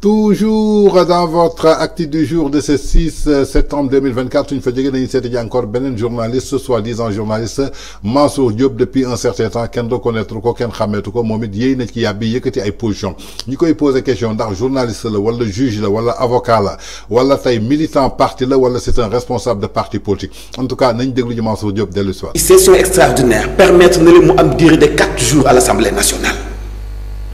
Toujours dans votre acte du jour de ce 6 septembre 2024, une fois jóge il y a encore un journaliste soi-disant journaliste Mansour Diop depuis un certain temps qu'on doit connaître, kenn xàmmeetu ko moom it yéey na ci yàbbi yëkkati ay position ñi pose la question ndax journaliste la wala juge la wala avocat la wala militant parti la wala c'est un responsable de parti politique en tout cas nañ déglu ji Mansour Diop le soir Une session extraordinaire permettre de leen mu am de quatre jours à l'Assemblée nationale.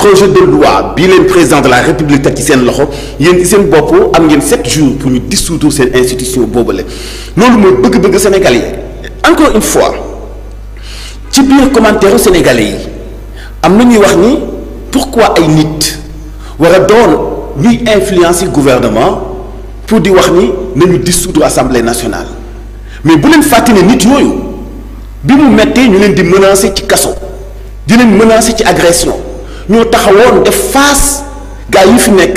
projet de loi bilan présent président de la république teg ci sen loxo yeen ci un bop am sept jours pour nous dissoudre cette institution Nous, nous mooy bëgg-bëgg Sénégalais. encore une fois ci biir commentaire sénégalais am na ñuy wax ni pourquoi ay nit wara doon influencer gouvernement pour di wax ni nañu dissoudre assemblée nationale mais bu len fatine ne nit nous bi mu mettez ñu len di menacer ci kasso di leen menacer ci agression ñoo taxawoon def face gars yi fi nekk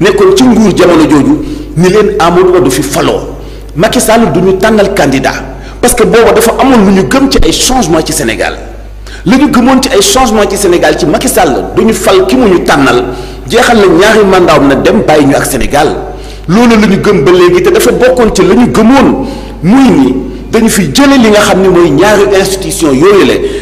nekkoon ci nguur jamono jooju ni leen Amadou Ba du fi faloo Macky Sall du ñu tànnal candidat parce que booba dafa amoon lu ñu gëm ci ay changement ci Sénégal la ñu gëmoon ci ay changement ci Sénégal ci Macky Sall du ñu fal ki mu ñu tànnal jeexal na ñaari mandaawam na dem bàyyi ñu ak Sénégal loolu lañu ñu gëm ba léegi te dafa bokkoon ci la ñu gëmoon muy ni dañu fi jële li nga xam ne mooy ñaari institution yooyu la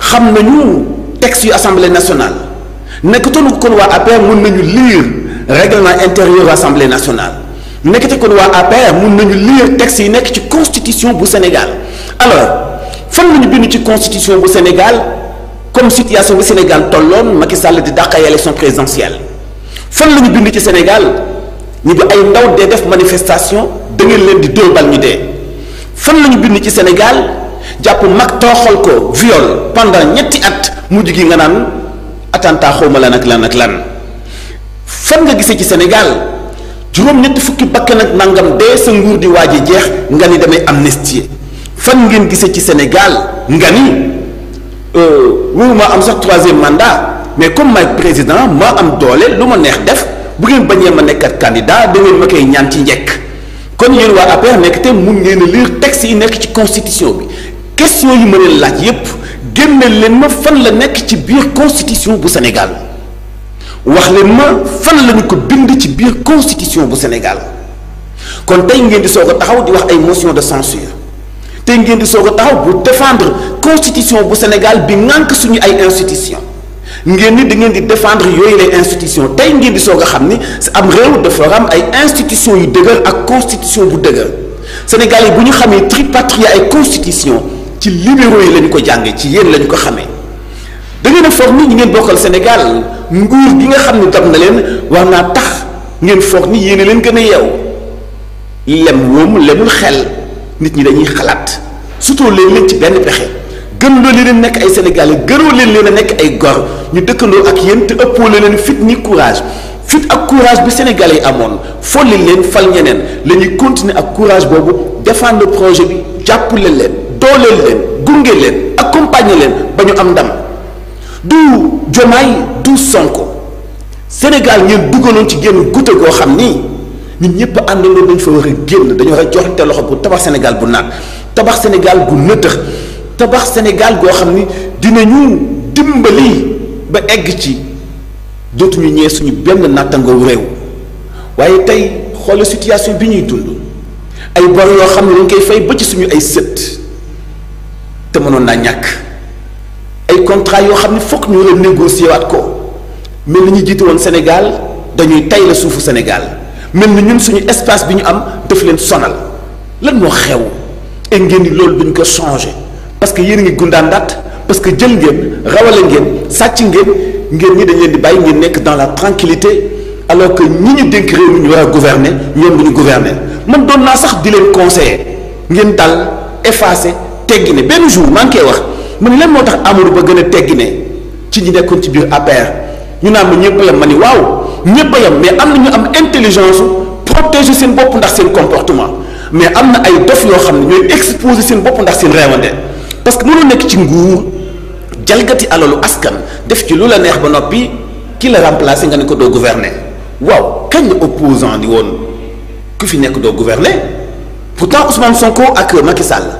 xam nañu texte yu assemblée nationale N'écoutez-nous kon waa APR mun nañu lire règlement intérieur assemblée nationale nekkati kon waa APR mun nañu lire texte yi nekk ci constitution bu Sénégal alors fan lañu bind ci constitution bu Sénégal comme situation bu Sénégal tolloon Macky Sall di dàq ay élection présidentielle fan la bind ci Sénégal ñi bi ay ndaw de def manifestation da ngeen leen di dóor bal ñu dee fan bind ci Sénégal. jàpp mag tooxal ko viol pendant ñetti at mujj gi nga naan attentat xawma lan ak lan ak lan fan nga gisee ci Sénégal juróom-ñetti fukki bakkan nag nangam de sa nguur di waaj a jeex nga ni damay amnistie fan ngeen gisee ci Sénégal nga ni euh, wóoru maa am sax troisième mandat mais comme maay président maa am doole lu ma neex def bu ngeen bañee ma nekkat candidat da ngeen ma koy ñaan ci njekk kon yéen waa APR nekk te mun ngeen a lire texte yi nekk ci constitution bi question yi ma leen laaj yépp génneel leen ma fan la nekk ci biir constitution bu Sénégal wax leen ma fan lañu ko bind ci biir constitution bu Sénégal kon tey ngeen di soog a taxaw di wax ay motion de censure tey ngeen di soog a taxaw bu défendre constitution bu Sénégal bi ŋànk suñu ay institution ngeen ni da ngeen di défendre yooyu les institution tey ngeen di soog a xam ni am réew dafa am ay institution yu dëgër ak constitution bu dëgër Sénégal yi bu ñu xamee tripatrie ay constitution ci libéraux yi lañu ko jàngee ci yéen lañu ko xamee da ngeen a ni ñi ngeen bokkal Sénégal nguur gi nga xam ne dab na leen war naa tax ngeen foog ni yéen leen gën a yeew lem woom lemul xel nit ñi dañuy xalaat surtout leen leen ci benn pexe gën loo leen nekk ay Sénégalais gënoo leen leen a nekk ay gor ñu dëkkandoo ak yéen te ëppoo leen fit ni courage fit ak courage bi sénégal yi amoon folli leen fal ñeneen la ñuy ak courage boobu défendre projet bi jàppale leen. dooleel leen gunge leen accompagner leen ba am ndam du jomay du Sonko Sénégal ngeen duggaloon ci genn gute go xamni nit ñepp ñëpp àndandoo dañ fa wara genn dañu war a joxante loxo bu tabax Sénégal bu nak tabax Sénégal bu nëtëx tabax Sénégal go xamni dinañu dimbali ba egg ci ñu ñee suñu benn natango rew waye tay xol situation bi ñuy dund ay bor yo xamni ñu dañ koy fay ba ci suñu ay sët te mënoon naa ñàkk ay contrat yo xamni fokk ñu négocier waat ko mel ni ñu won Sénégal dañuy tay la suufu Sénégal mel ni ñun suñu espace bi ñu am def leen sonal lan mo xew e ngeen di loolu duñ ko changer parce que yeen ngi gundaandaat parce que jël ngeen rawale ngeen sàcc ngeen ngeen ñi dañ leen di bay ngeen nek dans la tranquillité alors que ñi ñu denk réew ñu war gouverner ñoom buñu gouverner man doon naa sax di leen conseiller ngeen dal effacer teggi ben benn jour man kay wax mu ne motax Amadou Ba gën a ne ci ñi nekkoon ci biir APR ñu naan ñepp la mani ma ni waaw ñëpp yam mais am ñu am intelligence protéger seen bop ndax seen comportement mais amna ay dof yo xamni ñoy exposer seen bop ndax seen réewande parce que mënoo nekk ci nguur jalgati alalu askan def ci lu la neex ba nopi ki la remplacer nga ne ko do gouverner waaw kañ opposant di won ku fi nekk do gouverner pourtant Ousmane Sonko ak Macky Sall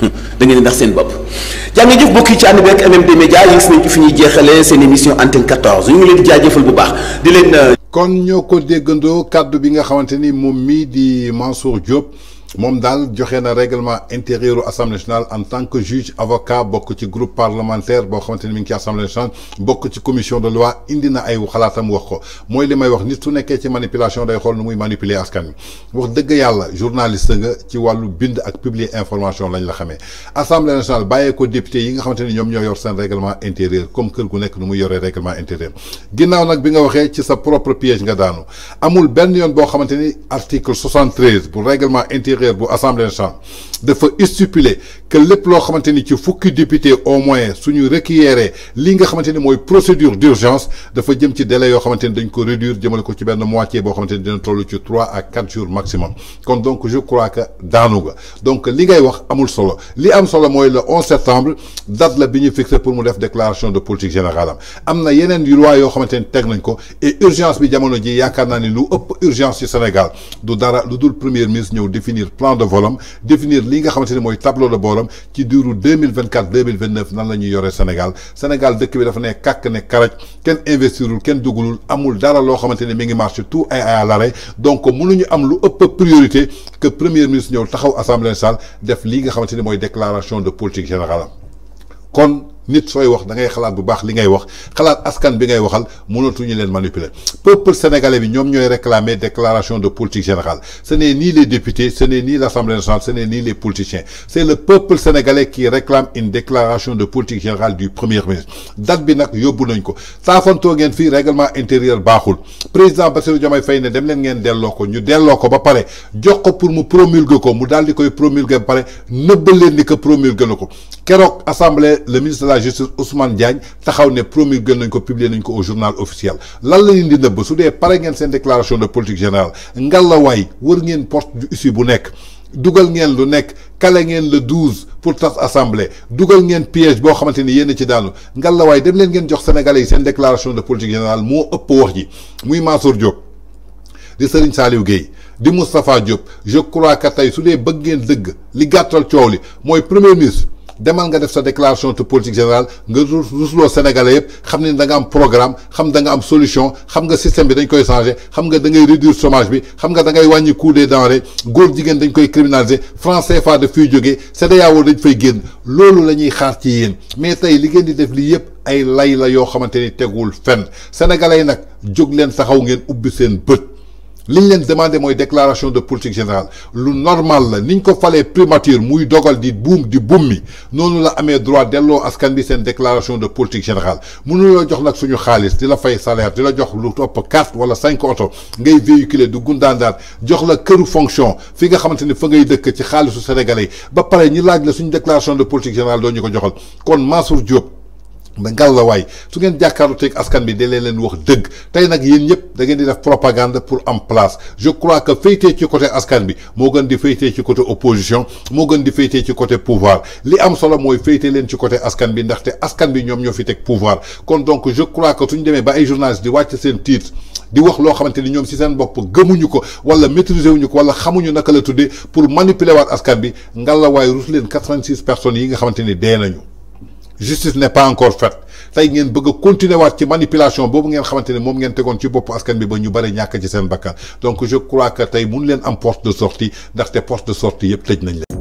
da ngeen di ndax seen bopp jàngi jëf bokk yi ci ànd bi ak MMD Média yi gis nañ ci fi ñuy jeexale seen émission antenne 14 ñu ngi leen di jaajëfal bu baax di leen euh, kon ñoo ko déggandoo kàddu bi nga xamante ni moom mii di Mansour Diop moom du joxe règlement intérieur au assemblée nationale en tant que juge avocat beaucoup ci groupe parlementaire beaucoup de ni ci assemblée nationale bokk ci commission de loi indina na ay xalaatam wax ko mooy li may wax nit su ci manipulation day nous nu à manipuler askan wi wax dëgg yàlla journaliste nga ci wàllu bind ak publier information lañ la xamee assemblée nationale bàyyee ko député yi nga xamante ni ñoom ñoo règlement intérieur comme que gu nekk nous muy règlement intérieur ginnaaw nag bi nga sa propre piège nga daanu amul benn yoon boo article 73 pour règlement intérieur de bu assemblée nationale dafa stipuler que lepp lo xamanteni ci fukki député au moins suñu requièrent li nga xamanteni moy procédure d'urgence dafa jëm ci délai yo xamanteni dañ ko réduire jëmal ko ci ben moitié bo xamanteni dina tollu ci trois à quatre jours maximum kon donc je crois que daanu donc li ngay wax amul solo li am solo moy le 11 septembre date la bi ñu fixé pour mu def déclaration de politique générale amna yenen na yeneen loi yoo xamante nañ ko et urgence bi jamono ji yakarna ni lu ëpp urgence ci Sénégal du dara lu premier ministre ñeu définir plan de volum, définir li nga xamanteni moy tableau de bordam ci diiru 2024-2029 Sénégal nan lañu yoree Sénégal Sénégal dëkk bi dafa ne kak ne karaj kenn investirul kenn dugalul amul dara lo xamanteni mi ngi marché tout ay ay à l'arrêt donc mënuñu am lu ëpp priorité que premier ministre ñëw taxaw assemblée nationale def li nga xamanteni moy déclaration de politique générale kon nit soy wax da ngay xalaat bu baax li ngay wax xalaat askan bi ngay waxal ñu leen manipuler peuple sénégalais bi ñoom ñooy réclamer déclaration de politique générale ce n'est ni les députés ce n'est ni l'Assemblée nationale ce n'est ni les politiciens c'est le peuple sénégalais qui réclame une déclaration de politique générale du premier ministre date bi nak yóbbu nañ ko saafantoo ngeen fi règlement intérieur baaxul président Bassirou Diomaye fay ne dem leen ngeen delloo ko ñu delloo ko ba pare jox ko pour mu promulguer ko mu daal di koy promulguer ba pare nëbbal leen ni que promulguer na ko keroog assemblée le ministre justice Ousmane Diagne taxaw ne promulgué nañ ko publier ko au journal officiel lan la leen di su déclaration de politique générale ngalawaay wër ngeen porte du issue bu nek dugal ngeen lu le 12 pour tas assemblée dugal ngeen piège bo xamanteni yene ci ci ngalla way dem leen ngeen jox sénégalais sen déclaration de politique générale mo ëpp wax ji muy Mansour Diop di Serigne Saliou gueye di Moustapha Diop je crois que tey su dee bëgg dëgg li premier ministre. demal nga def sa déclaration de politique générale nga rusloo Sénégalais yëpp xam ne danga am programme xam da am solution xam nga système bi dañ koy changer xam nga dangay ngay réduire bi xam nga dangay ngay wàññi coût des denrées góor jigéen dañ koy criminaliser franc CFA daf fiy jógee CEDEAO dañ fay génn loolu lañuy xaar ci yéen mais tey li ngeen di def lii yëpp ay lay la yoo xamante ni teguwul fenn sénégalais yi nag jóg leen taxaw ngeen ubbi seen bët. liñ demande leen demandé déclaration de politique générale lu normal la niñ ko falee primature muy dogal di boom di buum mi noonu la amee droit delloo askan bi seen déclaration de politique générale mënuloo jox nag suñu xaalis de la fay salaire de la jox lu topp carte wala cinq auto ngay véhiculer du gundaandaat jox la këru fonction fi nga xamante ni fa ngay dëkk ci xaalisu sénégalais ba pare ñi laaj la suñu déclaration de politique générale doo ñu ko joxal kon Mansour Diop da ngal la waay su ngeen jàkkaarlu teeg askan bi da leen leen wax dëgg tey nag yéen ñëpp da ngeen di def propagande pour am place je crois que féetee ci côté askan bi moo gën di féetee ci côté opposition moo gën di féetee ci côté pouvoir li am solo mooy féetee leen ci côté askan bi ndaxte askan bi ñoom ñoo fi pouvoir kon donc je crois que suñu demee ba ay journalistes di wàcc seen titre di wax loo xamante ni ñoom si seen bopp gëmuñu ko wala maîtriser ko wala xamuñu naka la tuddee pour manipuler waat askan bi ngal la waay rus leen 86 personnes yi nga xamante ni nañu justice n'est pas encore faite Tay ngeen bëgg continuer waat ci manipulation bobu ngeen xamantene mom ngeen tegoon ci bopp askan bi ba ñu bari ñàkk ci seen bakkan donc je crois que tay mun leen am porte de sortie ndaxte porte de sortie yëpp tej nañ leen.